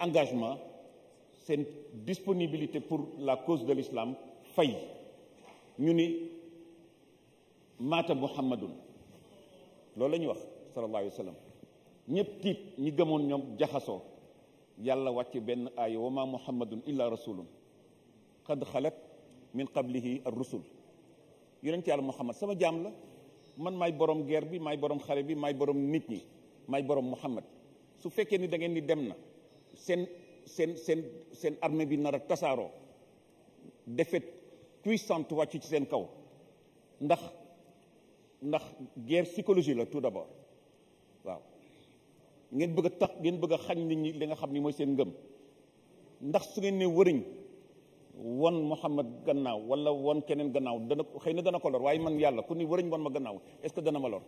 engagement cette disponibilité pour la cause de l'islam fay ñu Mata muhammadun loolu la wax sallallahu alayhi wa sallam ñëpp tiit ñi gëmoon ñoom yalla yàlla wàcce ben wa ma muhammadun illa rasulun qad xalat min qablihi ar rusul yonent yàlla muhammad sama jaam la man may borom guerre may borom xare may borom nit ñi borom muhammad su ni da ni demna. seen seen seen seen armée bi nar a tasaaroo defet puissante wàccu ci seen kaw ndax ndax guerre psychologie la tout d'abord waaw ngeen bëgg tax ngeen bëgg a ni nit ñi li nga xam ni mooy seen ngëm ndax su ngeen ne wëriñ won Muhammad gannaaw wala won keneen gannaaw dana xëy na dana ko lor waaye man yàlla ku ni wëriñ won ma gannaaw est-ce que dana ma lor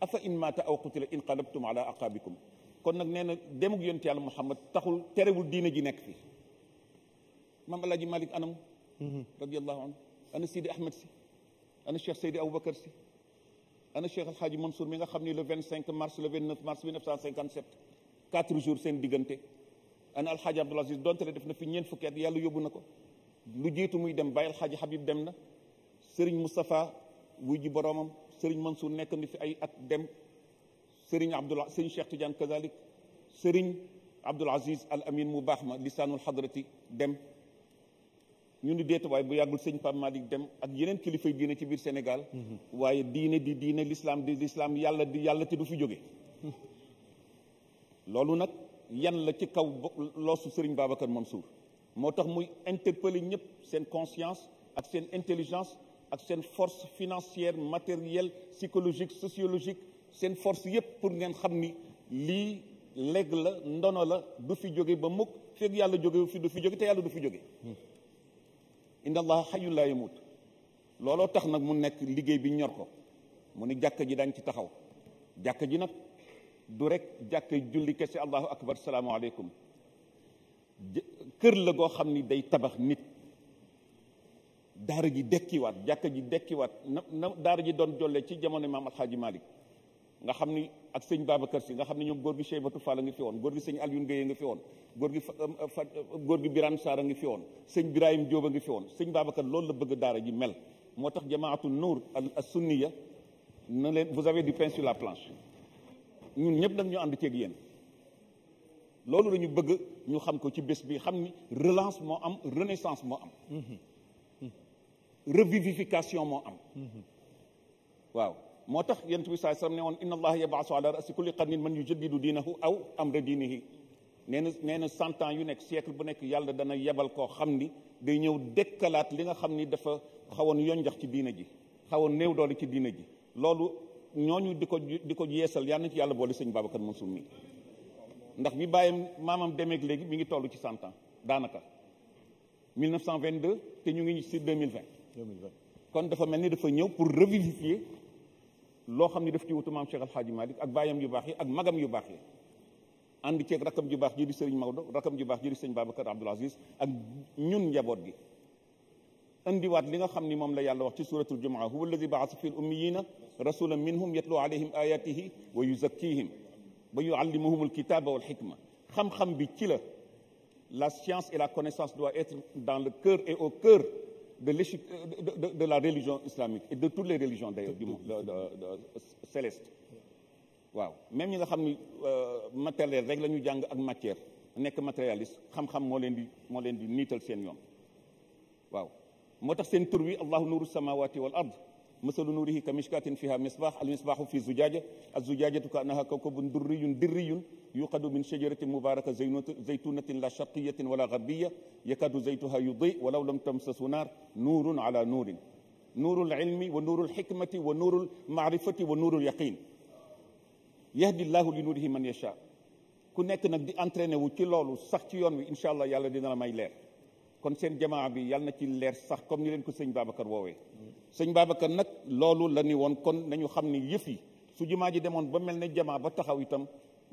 afa in mata aw qutila inqalabtum ala aqabikum kon nak neena na demuk yonent yàlla muhammad taxul terewul diina ji nek fi mam alaaji malik anam radiallahu anhu ana sidi ahmed si ana cheikh seydi aboubacar si ana cheikh alhaaji mansour mi nga xamni le 25 mars le 29 mars 1957 4 jours sen digante ana alhaaji abdul aziz donte le def na fi ñen fukki yàlla yobu nako lu jitu muy dem bàyyi alhaaji habib dem na serigne moustapha wuy ji boroomam sëriñ mansour nek na fi ay at dem sëriñ abdul sëriñ cheikh tidiane kazalik sëriñ abdul aziz al amin mu baax ma lisaanul xadrati dem ñu ni deet waaye bu yàggul sëñ Pape Malick dem ak yeneen kilifa yi diine ci biir Sénégal waaye diine di diine lislaam di lislaam yàlla di yàlla te du fi jóge loolu nag yan la ci kaw loosu sëriñ Babacar Mansour moo tax muy interpeller ñëpp seen conscience ak seen intelligence ak seen force financière matérielle psychologique sociologique seen force yépp pour ngeen xam ni lii léeg la ndono la du fi jóge ba mukk fekk yàlla jóge fi du fi jóge te yàlla du fi jóge inna allaha xayyun looloo tax nag mu nekk liggéey bi ñor ko mu ni jàkk ji dañ ci taxaw jàkk ji nag du rek jàkk julli kese allahu akbar salaamaaleykum kër la goo xam ni day tabax nit daara ji dekkiwaat jàkk ji dekkiwaat na na daara ji doon jolle ci jamono maam alxaaji malik nga xam ni ak sëñ Babacar si nga xam ne ñoom góor gi Cheybatu Fall a ngi fi woon góor gi sëñ Alioune Gueye a ngi fi woon góor gi euh, euh, euh, góor gi a ngi fi woon sëñ Birahim Diop a ngi fi woon sëñ Babacar loolu la bëgg daara ji mel moo tax jamaatu Nour al sunniya na leen vous avez du pain sur la planche ñun ñëpp nag ñu ànd ceeg yéen loolu la bëgg ñu xam ko ci bés bi xam ni relance moo am renaissance moo am mm-hmm. Mm-hmm. revivification moo am mm-hmm. waaw moo tax yonent bi sallallahu alayhi wasallam ne woon inna allaha yab'asu ala ra'si kulli qarnin man yujaddidu diinahu aw amra diinihi nee na nee na cent ans yu nekk siècle bu nekk yàlla dana yebal koo xam ni day ñëw dëkkalaat li nga xam ni dafa xawoon yonjax ci diina ji xawoon néew doole ci diina ji loolu ñooñu di ko di ko yeesal yal na ci yàlla boole sëñ Babacar Mansour mi ndax bi bàyyam maamam demeeg léegi mi ngi toll ci cent ans daanaka 1922 te ñu ngi ci 2020 kon dafa mel ni dafa ñëw pour revivifier lo xamni def ci wutu mam Cheikh Alxaaji Malik ak bayam yu bax yi ak magam yu bax yi ànd ci ak rakam ju bax ji di serigne Maodo rakam ju bax ji di serigne Babacar Abdoul Aziz ak ñun njabot gi andi wat li nga xamni mom la yàlla wax ci suratul jumaa huwa alladhi ba'atha fil l ummiyina rasulan minhum yatlu alayhim ayatihi wa yuzakkihim wa yuallimuhum alkitaba wal hikma xam-xam bi ci la la science et la connaissance doit être dans le cœur et au cœur Euh, de, la religion islamique et de toutes les religions d'ailleurs du monde céleste même si nous euh, matériel la matière matérialiste xam-xam molendi molendi di di sen wi nuru samawati wal ard masalu nurihi nous fiha misbah al misbahu fi zujajatu يقد من شجرة مباركة زيتونة لا شرقية ولا غربية يكاد زيتها يضيء ولو لم تمسس نار نور على نور نور العلم ونور الحكمة ونور المعرفة ونور اليقين يهدي الله لنوره من يشاء كنا نبدي أنتريني وكلول وسخيون وإن شاء الله يالا دينا ما يلير كون سين جماعة بي يالنا كي لير سخكم نيلين كسين بابكر ووي سين بابكر نك لولو لني ون كون نيو خمني يفي سجي ماجي دمون بمل نجمع بطخاويتم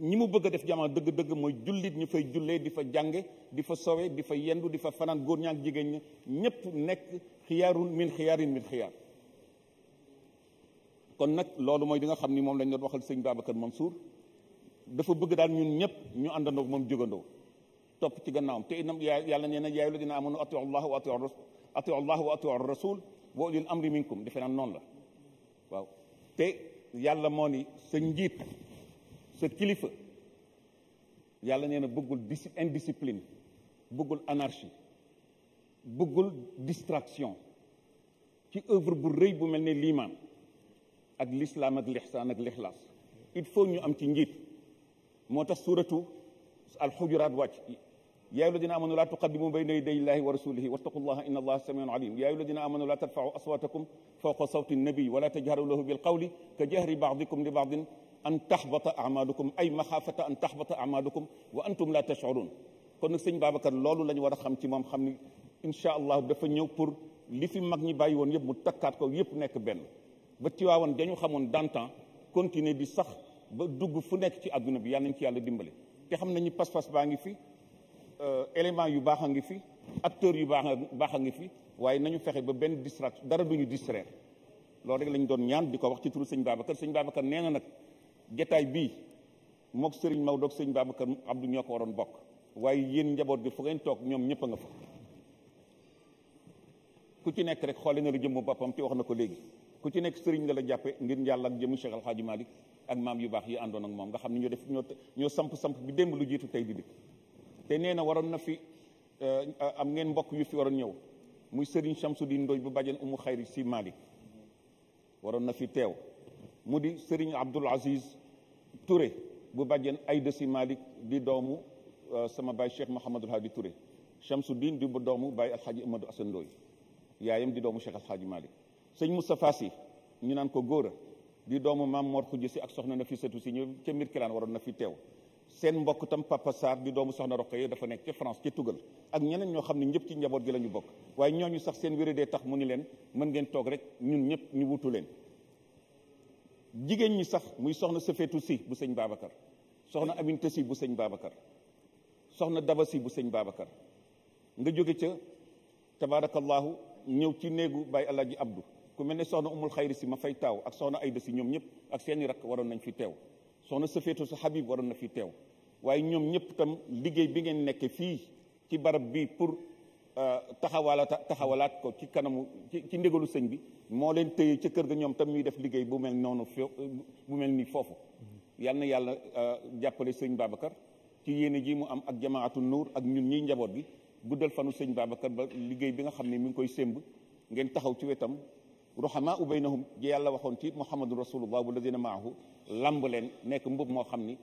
ñi mu bëgg a def jamono dëgg-dëgg mooy jullit ñu fay jullee di fa jànge di fa soowe di fa yendu di fa fanaan góor ñaak jigéen ñi ñépp nekk xiyaarun min xiyaarin min xiyaar kon nag loolu mooy di xam ni moom lañ doon waxal sëñ Babacar Mansour dafa bëgg daal ñun ñëpp ñu àndandoo moom jógandoo topp ci gannaawam te inam yàlla nee na yaayu la dina amoon atiu allah wa atiu atiu allah wa atiu rasul wa ulil amri minkum defe naan noonu la waaw te yàlla moo ni sa njiit sa kilifa yàlla nee na bëggul indiscipline bëggul anarchie bëggul distraction ci œuvre bu reuy bu melni l'iman ak l'islam ak l'ihsan ak l'ikhlas il faut ñu am ci njit motax suratu al-hujurat wàcc يا أيها الذين آمنوا لا تقدموا بين يدي الله ورسوله واتقوا الله إن الله سميع عليم يا أيها الذين آمنوا لا ترفعوا أصواتكم فوق صوت النبي ولا تجهروا له بالقول كجهر بعضكم لبعض أن تحبط أعمالكم أي مخافة أن تحبط أعمالكم وأنتم لا تشعرون كون سيغ بابكر لولو لا نيوارا خامتي موم خامني إن شاء الله دا فا نيو بور لي في ماغني باي وون ييب مو تاكات كو ييب نيك بن با تيوا وون دانيو خامون دانتان كونتيني دي صاح با دوغ تي ادونا بي يالنا نتي يالا ديمبالي تي خامنا ني باس باس باغي في element yu baax a ngi fi acteur yu baax baax a ngi fi waaye nañu fexe ba benn distract dara duñu distraire loolu rek lañ doon ñaan di jataay bii mook sëriñ Maodo ak sëriñ Babacar Abdou ñoo ko waroon bokk waaye yéen njaboot gi fu ngeen toog ñoom ñëpp a nga fa ku ci nekk rek xoole na la jëmm boppam te wax na ko léegi ku ci nekk sëriñ la la jàppe ngir yàlla ak jëmu Cheikh Alxaaji Malick ak maam yu baax yi àndoon ak moom nga xam ne ñoo def ñoo ñoo samp samp bi démb lu jiitu tey di dikk te nee na waroon na fi euh, am ngeen mbokk yu fi waroon ñëw muy sëriñ Chamsuddin Ndoy bu bàjjen umu xayri si na fi teew mu di sëriñ Abdul Aziz Touré bu bàjjen Ayda Si Malick di doomu euh, sama baay Cheikh Mouhamadul Hadi Touré Chamsuddin di bu doomu baay Alxaaji Amadou Assane Ndoye yaayam di doomu Cheikh Alxaaji Malick sëñ Moustapha Si ñu naan ko góora di doomu maam Mor Xujj si ak soxna na fi setu si ñu ca Mirkilaan waroon na fi teew seen mbokk tam Papa Sarr di doomu soxna Roqaya dafa nekk ca France ca tugal ak ñeneen ñoo xam ne ñëpp ci njaboot gi la ñu bokk waaye ñooñu sax seen wéradee tax mu ni leen mën ngeen toog rek ñun ñëpp ñu wutu leen jigéen ñi sax muy soxna Safeetu si bu sëñ Babacar soxna Aminta si bu sëñ Babacar soxna Daba si bu sëñ Babacar nga jóge ca tabaarakallaahu ñëw ci néegu Baay Alaaji Abdu ku mel ne soxna Umul Xayri si ma fay taaw ak soxna Ayda si ñoom ñëpp ak seeni rakk waroon nañ fi teew soxna Safeetu si Habib waroon na fi teew waaye ñoom ñëpp tam liggéey bi ngeen nekk fii ci barab bi pour taxawala taxawalaat ko ci kanamu ci ci ndigalu sëñ bi moo leen tëye ca kër ga ñoom tam ñuy def liggéey bu mel noonu bu mel nii foofu yal na yàlla euh, jàppale sëñ Babacar ci yéene ji mu am ak jamaatu nuur ak ñun ñi njaboot bi guddal fanu sëñ Babacar ba liggéey bi nga xam ne mi ngi koy sémb ngeen taxaw ci wetam ruhamaa u baynahum ji yàlla waxoon ci muhammadu rasulullah walladina maahu lamb leen nekk mbub moo xam ni